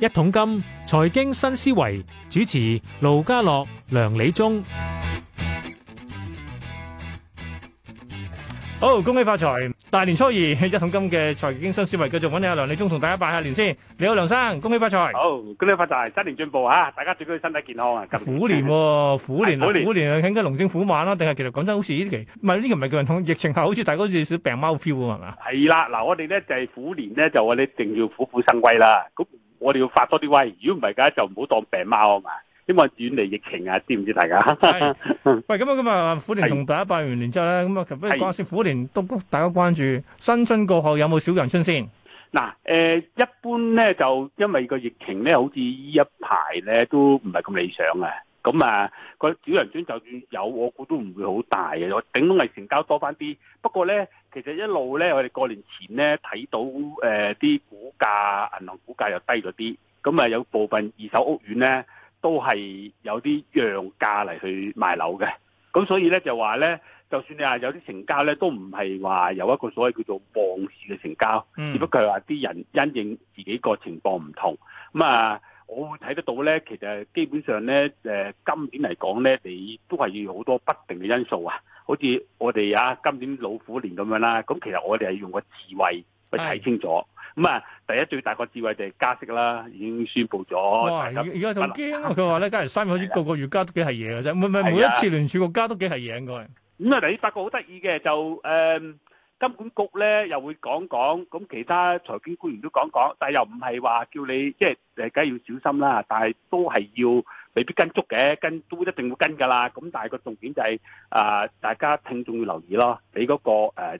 一桶金財經新思維主持：盧家樂、梁理中。好，恭喜發財！大年初二，一桶金嘅財經新思維繼續揾你阿梁理中同大家拜下年先。你好，梁生，恭喜發財！好，恭喜發財，新年進步嚇，大家最緊要身體健康啊！虎年喎、啊，虎年 虎年啊，應該龍爭虎鬥啦，定係其實講真，好似呢期唔係呢期唔係叫人同疫情後，好似大家好似少病貓 feel 係嘛？係啦，嗱，我哋咧就係、是、虎年咧就話你一定要虎虎生威啦。咁我哋要多發多啲威，如果唔係，梗係就唔好當病貓啊嘛！希望遠離疫情啊！知唔知大家？喂，咁啊咁啊，虎年同大家拜完年之後咧，咁啊是，不如講下先。虎年是都大家關注新春過後有冇小陽春先？嗱，誒、呃，一般咧就因為個疫情咧，好似依一排咧都唔係咁理想啊。咁啊，個小陽春就算有，我估都唔會好大嘅。頂多係成交多翻啲。不過咧，其實一路咧，我哋過年前咧睇到，誒、啲、呃、股價、銀行股價又低咗啲。咁啊，有部分二手屋苑咧，都係有啲讓價嚟去賣樓嘅，咁所以咧就話咧，就算你話有啲成交咧，都唔係話有一個所謂叫做旺市嘅成交，嗯，只不過係話啲人因應自己個情況唔同，咁啊，我會睇得到咧，其實基本上咧，誒、呃、今年嚟講咧，你都係要好多不定嘅因素啊，好似我哋啊今年老虎年咁樣啦，咁其實我哋係用個智慧去睇清楚。嗯咁啊，第一最大個智慧就係加息啦，已經宣布咗。哇！而家仲驚，佢話咧，今日三月好似個個月加都幾係嘢嘅啫。唔係唔係，每一次聯儲局加都幾係嘢應該。咁啊，你發覺好得意嘅就誒，金管局咧又會講講，咁其他財經官員都講講，但又唔係話叫你即係誒，梗係要小心啦。但係都係要未必跟足嘅，跟都一定會跟㗎啦。咁但係個重點就係啊，大家聽眾要留意咯，你嗰個誒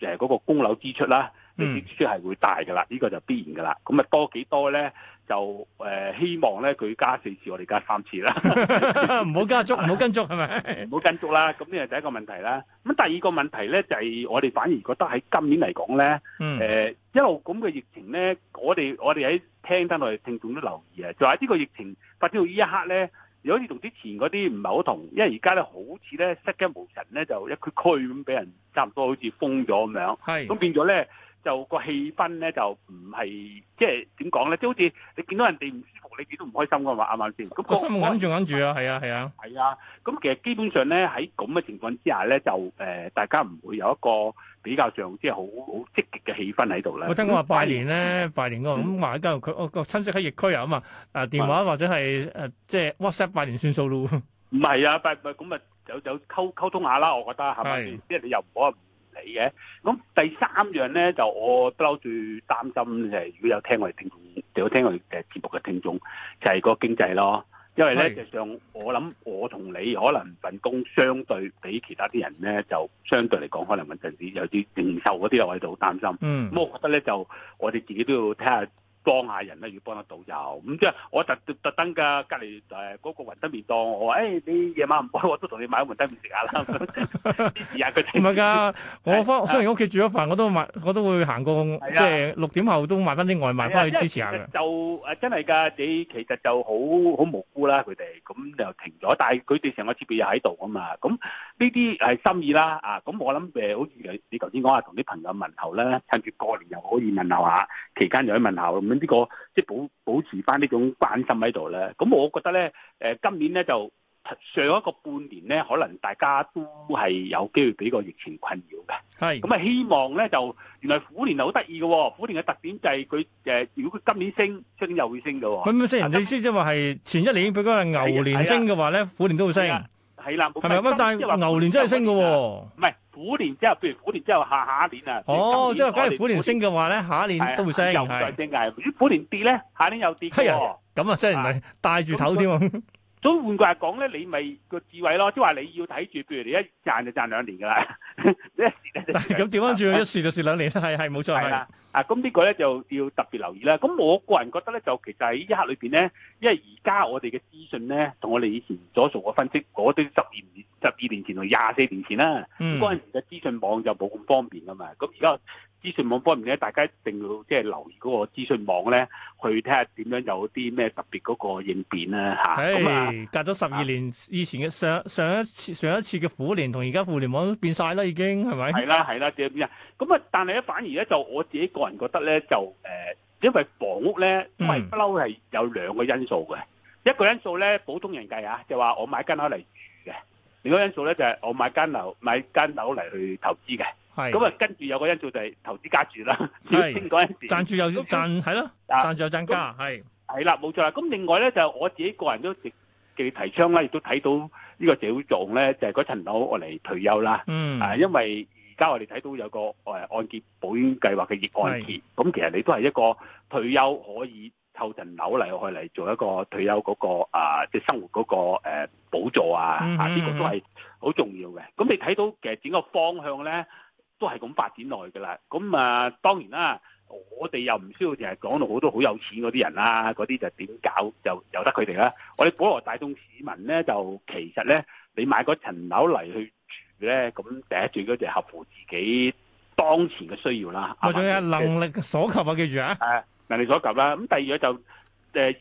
誒嗰個供樓支出啦。啲支出係會大㗎啦，呢、這個就必然㗎啦。咁啊多幾多咧？就誒、呃、希望咧，佢加四次，我哋加三次啦。唔好 加足，唔好跟足係咪？唔好 跟足啦。咁呢個係第一個問題啦。咁第二個問題咧，就係、是、我哋反而覺得喺今年嚟講咧，誒、嗯呃、一路咁嘅疫情咧，我哋我哋喺聽，聽，聽我哋聽眾都留意啊。就係呢個疫情發展到呢一刻咧，又好似同之前嗰啲唔係好同，因為而家咧好似咧失驚無神咧，就一區區咁俾人差，差唔多好似封咗咁樣。係咁的變咗咧。就個氣氛咧，就唔係即係點講咧？即係好似你見到人哋唔舒服，你自己都唔開心噶嘛？啱唔啱先？那個我心揇住揇住啊！係啊係啊係啊！咁、啊、其實基本上咧，喺咁嘅情況之下咧，就誒、呃、大家唔會有一個比較上即係好好積極嘅氣氛喺度咧。我聽講話拜年咧，的拜年㗎、那個。咁話喺間佢我個親戚喺疫區啊嘛。啊電話或者係誒即係的、啊就是、WhatsApp 拜年算數咯。唔係啊，拜咁啊有有溝溝通下啦，我覺得係咪即係你又唔好唔～的嘅，咁第三樣咧，就我不嬲最擔心誒，如果有聽我哋聽眾，有聽我哋誒節目嘅聽眾，就係、是、個經濟咯，因為咧，其實是我諗我同你可能份工相對比其他啲人咧，就相對嚟講可能有陣時有啲零售嗰啲啦，我哋好擔心。嗯，咁我覺得咧，就我哋自己都要睇下。幫下人咧，如果幫得到就咁即係我特特登㗎，隔離誒嗰個雲吞麵檔，我話誒、哎、你夜晚唔開，我都同你買雲吞麵食下啦，支持下佢。唔係㗎，我翻雖然屋企煮咗飯，我都買我都會行過，的即係六點後都買翻啲外賣翻的去支持下。就誒真係㗎，你其實就好好無辜啦，佢哋咁就停咗，但係佢哋成個設備又喺度啊嘛。咁呢啲係心意啦啊！咁我諗誒，好似你你頭先講話同啲朋友問候咧，趁住過年又可以問候下，期間又可以問候。咁呢個即係保保持翻呢種關心喺度咧，咁我覺得咧，誒今年咧就上一個半年咧，可能大家都係有機會俾個疫情困擾嘅。係是，咁啊希望咧就原來虎年又好得意嘅，虎年嘅特點就係佢誒，如果佢今年升，出年又會升嘅喎、哦。唔唔升，啊、意思即係話係前一年佢嗰個牛年升嘅話咧，虎年都會升。係啦，係咪咁樣？但牛年真係升嘅喎，唔係虎年之後，譬如虎年之後下下一年啊，哦，即係假如虎年升嘅話咧，下一年都會升，係又正挨。如果虎年跌咧，下年又跌啊，咁啊即係唔係帶住頭添。所以換句話講咧，你咪個智慧咯，即係話你要睇住，譬如你一賺就賺兩年噶啦，咁掉返轉， 一蝕就蝕兩年啦，係係冇錯啦。啊，咁、這、呢個咧就要特別留意啦。咁我個人覺得咧，就其實喺呢一刻裏面咧，因為而家我哋嘅資訊咧，同我哋以前所做嘅分析，嗰啲十二年、十二年前同廿四年前啦，咁嗰陣時嘅資訊網就冇咁方便㗎嘛。咁而家。資訊網方面咧，大家一定要即係留意嗰個資訊網咧，去睇下點樣有啲咩特別嗰個應變咧吓。咁啊，隔咗十二年以前嘅上上一次上一次嘅虎年，同而家互聯網都變晒啦，已經係咪？係啦係啦，點樣？咁啊，但係咧反而咧，就我自己個人覺得咧，就誒，因為房屋咧係不嬲係有兩個因素嘅。一個因素咧，普通人計啊，就話我買間樓嚟住嘅，另一個因素咧，就係我買間樓買間樓嚟去投資嘅。咁啊，跟住有個因素就係投資加注啦。係，賺住又賺，係咯，賺住又增加，係。係啦，冇錯啦。咁另外咧，就我自己個人都直嘅提倡咧，亦都睇到呢個社會作用咧，就係嗰層樓我嚟退休啦。嗯。啊，因為而家我哋睇到有個誒按揭保險計劃嘅熱按揭，咁其實你都係一個退休可以湊層樓嚟去嚟做一個退休嗰個啊，即係生活嗰個誒補助啊。嗯。啊，呢個都係好重要嘅。咁你睇到其實整個方向咧，都係咁發展落去㗎啦，咁啊當然啦，我哋又唔需要淨係講到好多好有錢嗰啲人啦，嗰啲就點搞就由得佢哋啦。我哋普羅大眾市民咧，就其實咧，你買嗰層樓嚟去住咧，咁第一最緊就合乎自己當前嘅需要啦。我仲有一能力所及啊，記住啊，啊能力所及啦。咁第二樣就係。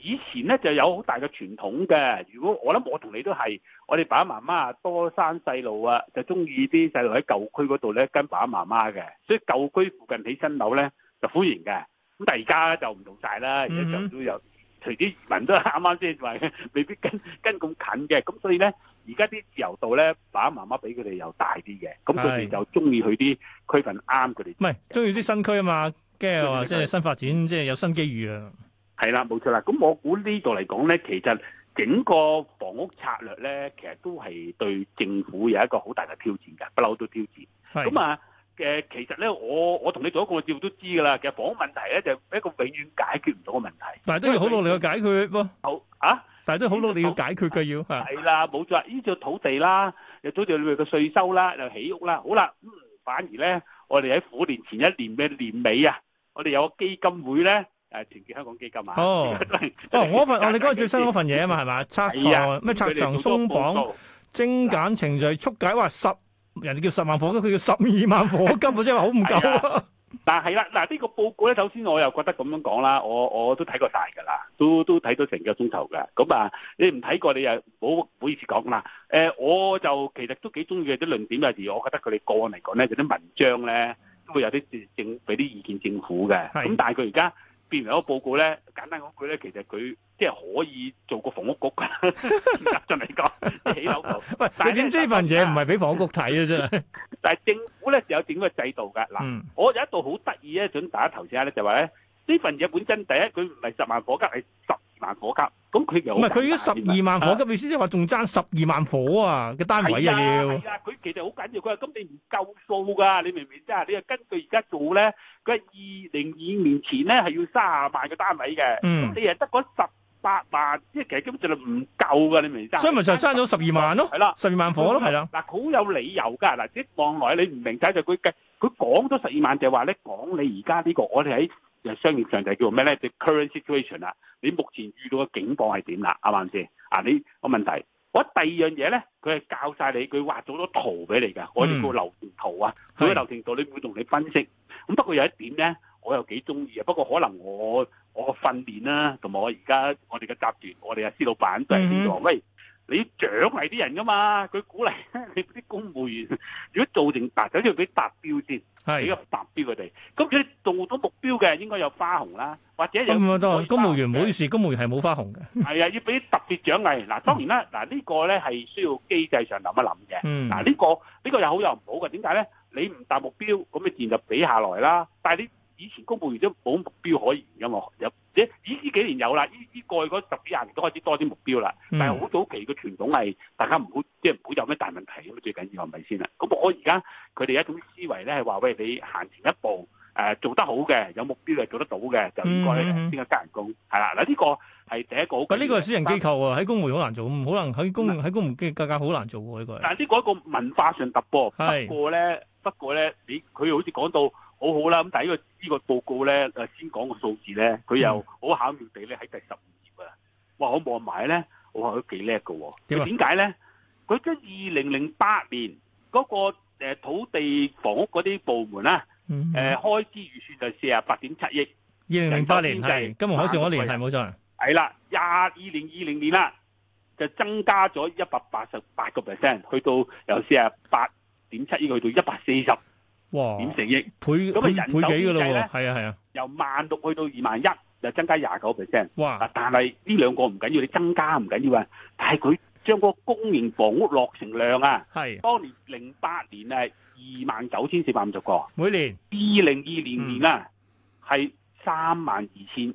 以前咧就有好大嘅傳統嘅，如果我諗我同你都係，我哋爸爸媽媽啊多生細路啊，就中意啲細路喺舊區嗰度咧跟爸爸媽媽嘅，所以舊區附近起新樓咧就歡迎嘅。咁但係而家就唔同晒啦，而家就都有，隨啲移民都啱啱先話，未必跟跟咁近嘅。咁所以咧，而家啲自由度咧，爸爸媽媽俾佢哋又大啲嘅，咁佢哋就中意去啲區份啱佢哋。唔係，中意啲新區啊嘛，驚話即係新發展，即係有新機遇啊！係啦，冇錯啦。咁我估呢度嚟講咧，其實整個房屋策略咧，其實都係對政府有一個好大嘅挑戰㗎，不嬲都挑戰。咁啊，誒，其實咧，我我同你做一個，你都知㗎啦。其實房屋問題咧，就係一個永遠解決唔到嘅問題。但係都要好努力去解決喎。好啊，但係都要好努力去解決嘅要。係啦，冇錯啦。呢就土地啦，又土地裏面嘅稅收啦，又起屋啦，好啦。反而咧，我哋喺虎年前一年嘅年尾啊，我哋有個基金會咧。誒，團結香港基金啊！哦，哇，我份我哋嗰個最新嗰份嘢啊嘛，係嘛拆牆咩拆牆鬆綁精簡程序，速解話十人哋叫十萬火金，佢叫十二萬火金，我 根本真係好唔夠但嗱，係啦，嗱呢個報告咧，首先我又覺得咁樣講啦，我我都睇過晒噶啦，都都睇咗成個鐘頭嘅，咁啊，你唔睇過你又唔好意思講啦。誒、呃，我就其實都幾中意佢啲論點啊，而我覺得佢哋個案嚟講咧，嗰啲文章咧都會有啲政俾啲意見政府嘅，咁的但係佢而家。變為一個報告咧，簡單嗰句咧，其實佢即係可以做個房屋局㗎，得準嚟講起樓盤。 喂，但係點知份嘢唔係俾房屋局睇嘅啫？ 但係政府咧就有點嘅制度㗎。嗱、嗯，我有一度好得意咧，想打頭先下咧，就話咧呢份嘢本身第一佢唔係十萬火急，係十。萬火急，咁佢又唔係佢十二萬火急，意思即係話仲爭十二萬火啊個單位啊要係啊，佢、啊、其實好緊要，佢話咁你唔夠數㗎，你明唔明？即係你啊根據而家做咧，佢二零二年前咧係要卅萬個單位嘅，咁、嗯、你係得嗰十八萬，即係其實基本上唔夠㗎，你明唔明？所以咪就爭咗十二萬咯，係啦、啊，十二萬火咯，係啦、啊。嗱、啊，好、啊、有理由㗎，嗱，即係往來你唔明曬就佢、是、佢講咗十二萬就係話咧講你而家呢個，我哋喺。商業上就叫做咩咧？the current situation 啦，你目前遇到嘅警報係點啦？啱啱先啊？你個問題，我第二樣嘢咧，佢係教晒你，佢畫咗好多圖俾你嘅，我哋叫流程圖啊，所以流程圖，你會同你分析。咁、嗯、不過有一點咧，我又幾中意啊。不過可能我我訓練啦、啊，同埋我而家我哋嘅集團，我哋嘅司老闆都係叫做。嗯、喂。你獎勵啲人噶嘛？佢鼓勵你啲公務員，如果做成達咗，要俾達標先，比較達標佢哋。咁佢做到目標嘅，應該有花紅啦，或者有。咁唔多，公務員唔好意思，公務員係冇花紅嘅。係 啊，要俾特別獎勵。嗱，當然啦，嗱呢、嗯、個咧係需要機制上諗一諗嘅。嗱、嗯，這個這個、呢個呢個又好又唔好嘅，點解咧？你唔達目標，咁你自然就俾下來啦。但係你以前公務員都冇目標可言噶嘛，有。呢呢幾年有啦，呢呢過去十幾廿年都開始多啲目標啦，但係好早期嘅傳統係大家唔好即係唔好有咩大問題咁，最緊要係咪先啦？咁我而家佢哋一種思維咧係話：喂，你行前一步，誒、呃、做得好嘅，有目標就做得到嘅，就應該升一加人工係啦。嗱、嗯，呢、這個係第一個好。但係呢個私人機構喎、啊，喺公務好難做，可能喺公喺是的 公務機格格好難做喎、啊、呢、這個。但係呢個一個文化上突破是的。不過咧，不過咧，你佢好似講到。好好啦，咁但係呢個呢個報告咧，誒先講個數字咧，佢又好巧妙地咧喺第十五頁啊！哇，我望埋咧，我話佢幾叻嘅喎。點解咧？佢將二零零八年嗰個土地房屋嗰啲部門啦，誒、嗯呃、開支預算就四啊八點七億。二零零八年係金融海嘯嗰年，係冇錯。係啦，廿二零二零年啦，就增加咗一百八十八個 percent，去到由四啊八點七億去到一百四十。哇！點成億倍咁啊？人口經咯，咧，係啊係啊，由萬六去到二萬一，又增加廿九 percent。哇！但係呢兩個唔緊要，你增加唔緊要啊，但係佢將個公營房屋落成量啊，係、啊、當年零八年係二萬九千四百五十個，每年二零二零年啊，係三萬二千。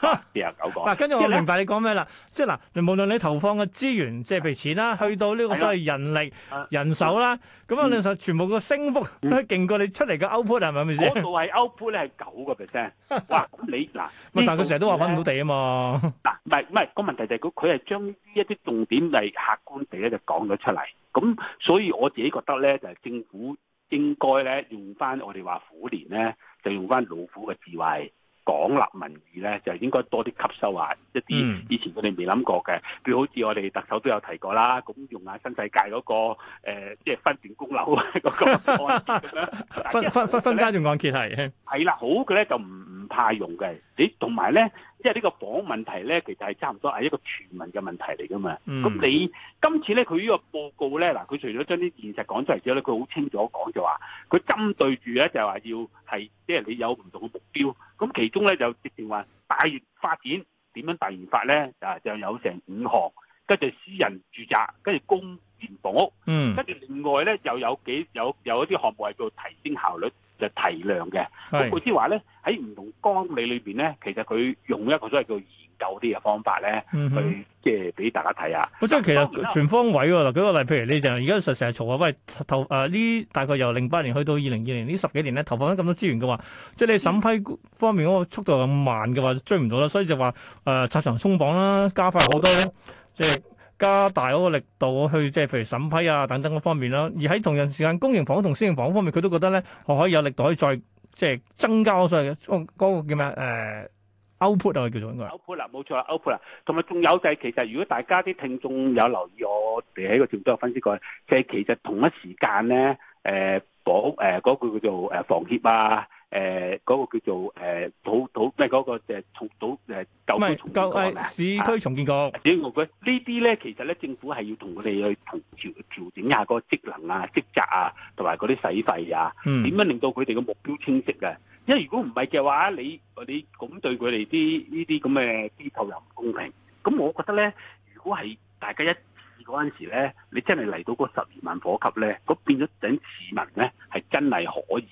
八九個嗱，跟住、啊、我明白你講咩啦，即係嗱，無論你投放嘅資源，即係譬如錢啦，去到呢個所謂人力、啊、人手啦，咁啊，你、啊、上、啊啊嗯、全部個升幅都勁過你出嚟嘅 output 係咪咁、嗯、意思？嗰 output 咧係九個 percent。 哇，咁你嗱，啊、但係佢成日都話搵唔到地啊嘛，嗱，唔係唔係個問題就係佢，佢係將一啲重點嚟客觀地咧就講咗出嚟。咁所以我自己覺得咧，就係、是、政府應該咧用翻我哋話虎年咧，就用翻老虎嘅智慧。廣納民意咧，就應該多啲吸收啊！一啲以前佢哋未諗過嘅，譬如好似我哋特首都有提過啦。咁用下新世界嗰、嗰個即係、呃即係、分段供樓嗰個 分分分分家用按揭係係啦，好嘅咧就唔唔怕用嘅。誒，同埋咧。即係呢個房問題咧，其實係差唔多係一個全民嘅問題嚟噶嘛。咁、mm. 你今次咧，佢呢個報告咧，嗱佢除咗將啲現實講出嚟之後咧，佢好清楚講就話，佢針對住咧就話、係、要係即係你有唔同嘅目標。咁其中咧就直情話大園發展點樣大園發咧啊，就有成五項。跟住私人住宅，跟住公營房屋，跟住另外咧又有幾有有一啲項目係做提升效率，就提量嘅。咁佢之話咧喺唔同崗位裏面咧，其實佢用一個所謂叫研究啲嘅方法咧，嗯、哼去即係俾大家睇下。即係其實全方位嗱，舉個例，譬如你就而家實成日嘈話，喂投呢大概由零八年去到二零二零年呢十幾年咧，投放咗咁多資源嘅話，嗯、即係你審批方面嗰個速度咁慢嘅話，追唔到啦。所以就話誒拆牆鬆綁啦，加快好多。即係加大嗰個力度去，即係譬如審批啊等等嗰方面啦。而喺同樣時間，公營房同私營房方面，佢都覺得咧，我可以有力度可以再即係增加嗰所謂嘅個叫咩 output 啊叫做應該 output 啦，冇錯 output 啦。同埋仲有就係其實如果大家啲聽眾有留意我，我哋喺個直播都有分析過，即係其實同一時間咧誒房屋嗰個叫做誒房協啊。誒嗰個叫做誒土土咩嗰個即係重土誒舊區重建、市區重建局，我覺得呢啲咧，其實咧，政府係要同佢哋去調調整一下嗰個職能啊、職責啊，同埋嗰啲使費啊，點樣令到佢哋嘅目標清晰啊？因為如果唔係嘅話，你你咁對佢哋啲呢啲咁嘅機構又唔公平。咁我覺得咧，如果係大家一致嗰陣時咧，你真係嚟到嗰十二萬火急咧，嗰變咗等市民咧係真係可以。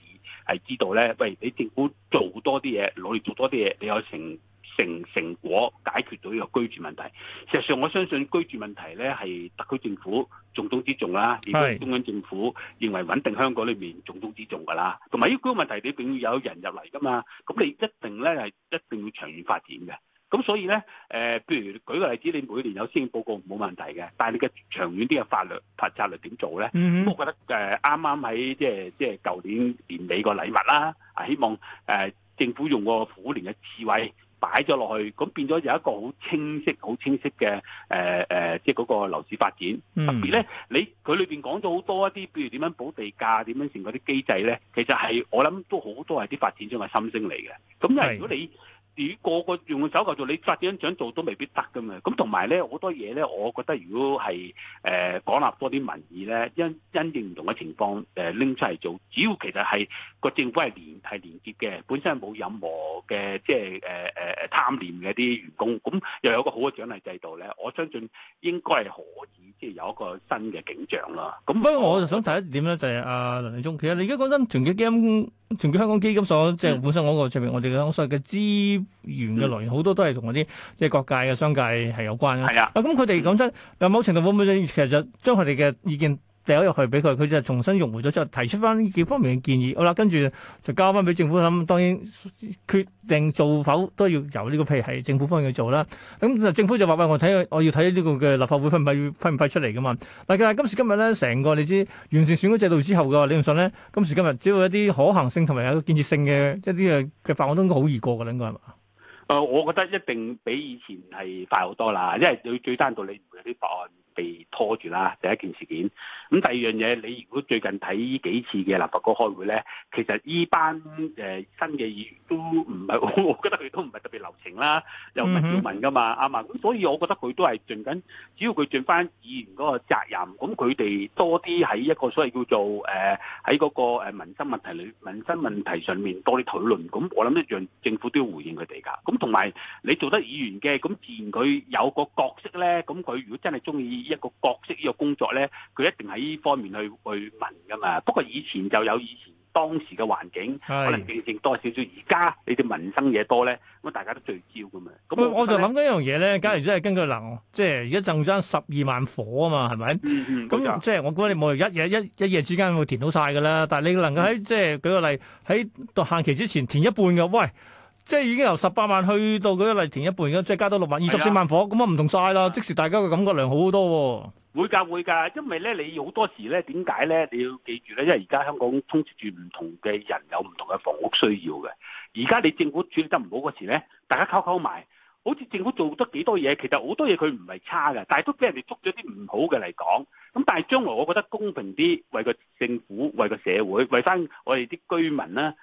係知道咧，喂！你政府做多啲嘢，努力做多啲嘢，你有成成成果解決到呢個居住問題。事實上，我相信居住問題咧係特區政府重中之重啦，亦都係中央政府認為穩定香港裏面重中之重噶啦。同埋呢個問題，你並有人入嚟噶嘛？咁你一定咧係一定要長遠發展嘅。咁所以咧，誒、呃，譬如舉個例子，你每年有先報報告冇問題嘅，但你嘅長遠啲嘅法律法策略點做咧？我、嗯、哼覺得誒啱啱喺即係即係舊年年尾個禮物啦，啊，希望誒、呃、政府用個虎年嘅智慧擺咗落去，咁變咗有一個好清晰、好清晰嘅誒、呃、即係嗰個樓市發展。嗯、特別咧，你佢裏面講咗好多一啲，譬如點樣補地價、點樣成嗰啲機制咧，其實係我諗都好多係啲發展商嘅心聲嚟嘅。咁因為如果你如果個個用手頭做，你發展想做都未必得噶嘛。咁同埋咧，好多嘢咧，我覺得如果係誒、呃、講納多啲民意咧，因因應唔同嘅情況誒拎、呃、出嚟做，只要其實係個政府係連係連結嘅，本身冇任何嘅即係誒誒誒貪念嘅啲員工，咁又有一個好嘅獎勵制度咧，我相信應該係可以即係、就是、有一個新嘅景象啦。咁不過我就想睇一點咧，就係、是、阿、啊、梁理中，其實你而家講緊團結 game。團結香港基金所即係、就是、本身嗰、那個上面，嗯、我哋所謂嘅資源嘅來源好多都係同嗰啲即係各界嘅商界係有關的啊，咁佢哋講真，有某程度會唔會其實就將佢哋嘅意見？掉入去俾佢，佢就重新融合咗之後，提出翻呢幾方面嘅建議，好啦，跟住就交翻俾政府諗。當然決定做否都要由呢個譬如係政府方面去做啦。咁政府就話喂，我睇，我要睇呢個嘅立法會分唔批，批唔批出嚟噶嘛？嗱，但係今時今日咧，成個你知完善選舉制度之後嘅話，你唔信咧？今時今日只要一啲可行性同埋有建設性嘅一啲嘅嘅法案，都應該好易過噶啦，應該係嘛？誒，我覺得一定比以前係快好多啦，因為最最單到你唔會有啲法案。拖住啦，第一件事件。咁第二樣嘢，你如果最近睇呢幾次嘅立法局開會咧，其實依班誒、呃、新嘅議員都唔係，我覺得佢都唔係特別留情啦，又唔係擾民噶嘛，啱嘛、mm。咁、hmm. 所以我覺得佢都係盡緊，只要佢盡翻議員嗰個責任。咁佢哋多啲喺一個所謂叫做誒喺嗰個誒民生問題裏民生問題上面多啲討論，咁我諗一樣政府都要回應佢哋噶。咁同埋你做得議員嘅，咁自然佢有個角色咧。咁佢如果真係中意一個。角色呢個工作咧，佢一定喺呢方面去去問㗎嘛。不過以前就有以前當時嘅環境，是可能應徵多少少。而家你哋民生嘢多咧，咁大家都聚焦㗎嘛。咁我就諗緊一樣嘢咧，假如真係根據能，即係而家爭爭十二萬火啊嘛，係咪？咁即係我估你冇一夜一一夜之間會填到晒㗎啦。但係你能夠喺即係舉個例喺到限期之前填一半嘅，喂。即係已經由十八萬去到嗰例前一半，即係加多六萬二十四萬伙，咁啊唔同晒啦！即時大家嘅感覺良好好多喎、哦。會㗎會㗎，因為咧你好多時咧點解咧？你要記住咧，因為而家香港充斥住唔同嘅人，有唔同嘅房屋需要嘅。而家你政府處理得唔好嗰時咧，大家溝溝埋。好似政府做得幾多嘢，其實好多嘢佢唔係差嘅，但係都俾人哋捉咗啲唔好嘅嚟講。咁但係將來我覺得公平啲，為個政府，為個社會，為翻我哋啲居民啦。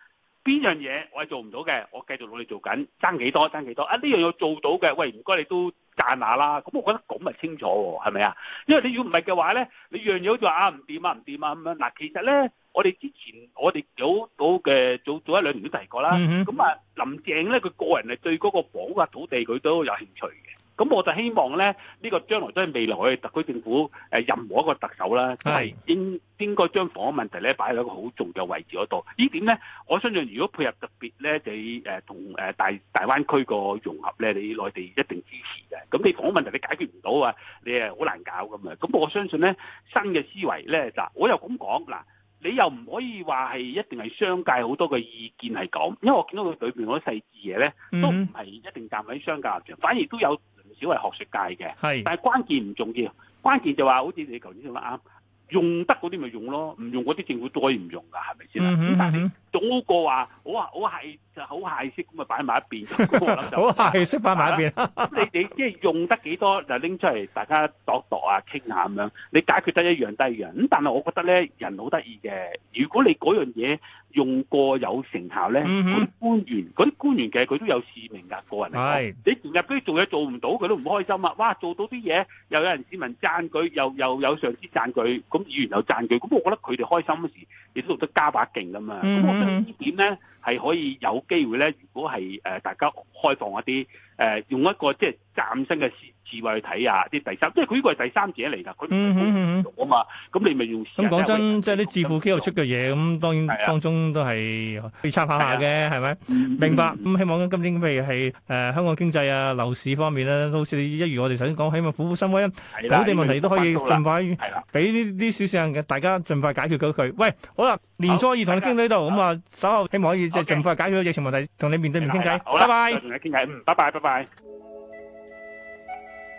邊樣嘢，我係做唔到嘅。我繼續努力做緊，爭幾多爭幾多啊！呢樣要做到嘅，喂唔該你都讚下啦。咁我覺得咁咪清楚喎，係咪啊？因為你要唔係嘅話咧，你樣嘢好似話啊唔掂啊唔掂啊咁樣。嗱、啊，其實咧，我哋之前我哋早早嘅早早一兩年都提過啦。咁啊、嗯嗯，林鄭咧佢個人係對嗰個保押土地佢都有興趣嘅。咁我就希望咧，呢、這個將來都係未來我哋特區政府、呃、任何一個特首啦，係、就是、應應該將房屋問題咧擺喺一個好重嘅位置嗰度。點呢點咧，我相信如果配合特別咧，你同誒、呃、大大灣區個融合咧，你內地一定支持嘅。咁你房屋問，問題你解決唔到啊，你係好難搞㗎嘛。咁我相信咧，新嘅思維咧嗱我又咁講嗱，你又唔可以話係一定係商界好多嘅意見係咁，因為我見到佢裏面嗰啲細節嘢咧，都唔係一定站喺商界立場，反而都有。只係學術界嘅，是但係關鍵唔重要，關鍵就話好似你頭先咁啦，啱，用得嗰啲咪用咯，唔用嗰啲政府都可以唔用噶，係咪先？嗯嗯，但係總好過話我話我係就好械式咁咪擺埋一邊。好械式擺埋一邊。咁你你即係用得幾多就拎出嚟，大家度度啊傾下咁樣，你解決得一樣低一樣。咁但係我覺得咧，人好得意嘅，如果你嗰樣嘢。用過有成效咧，嗰啲，mm hmm. 官員，啲官員其實佢都有市民噶個人嚟講，mm hmm. 你成日嗰做嘢做唔到，佢都唔開心啊！哇，做到啲嘢又有人市民讚佢，又又有上司讚佢，咁議員又讚佢，咁我覺得佢哋開心嗰時，亦都做得加把勁噶嘛。咁，mm hmm. 我覺得點呢點咧，係可以有機會咧，如果係誒，呃、大家開放一啲誒，呃，用一個即係嶄新嘅事智慧去睇下啲第三，即係佢呢個係第三者嚟㗎，佢唔唔唔同啊嘛，咁你咪要咁講真，即係啲致富機器出嘅嘢，咁當然當中都係可以參考下嘅，係咪？明白？咁希望今年譬如係誒香港經濟啊、樓市方面咧，好似你一如我哋頭先講，希望虎虎生威啦，土地問題都可以盡快俾呢啲小市民嘅大家盡快解決佢。喂，好啦，年初二同你傾到呢度，咁啊，稍後希望可以盡盡快解決到疫情問題，同你面對面傾偈。好啦，同你傾偈，嗯，拜拜，拜拜。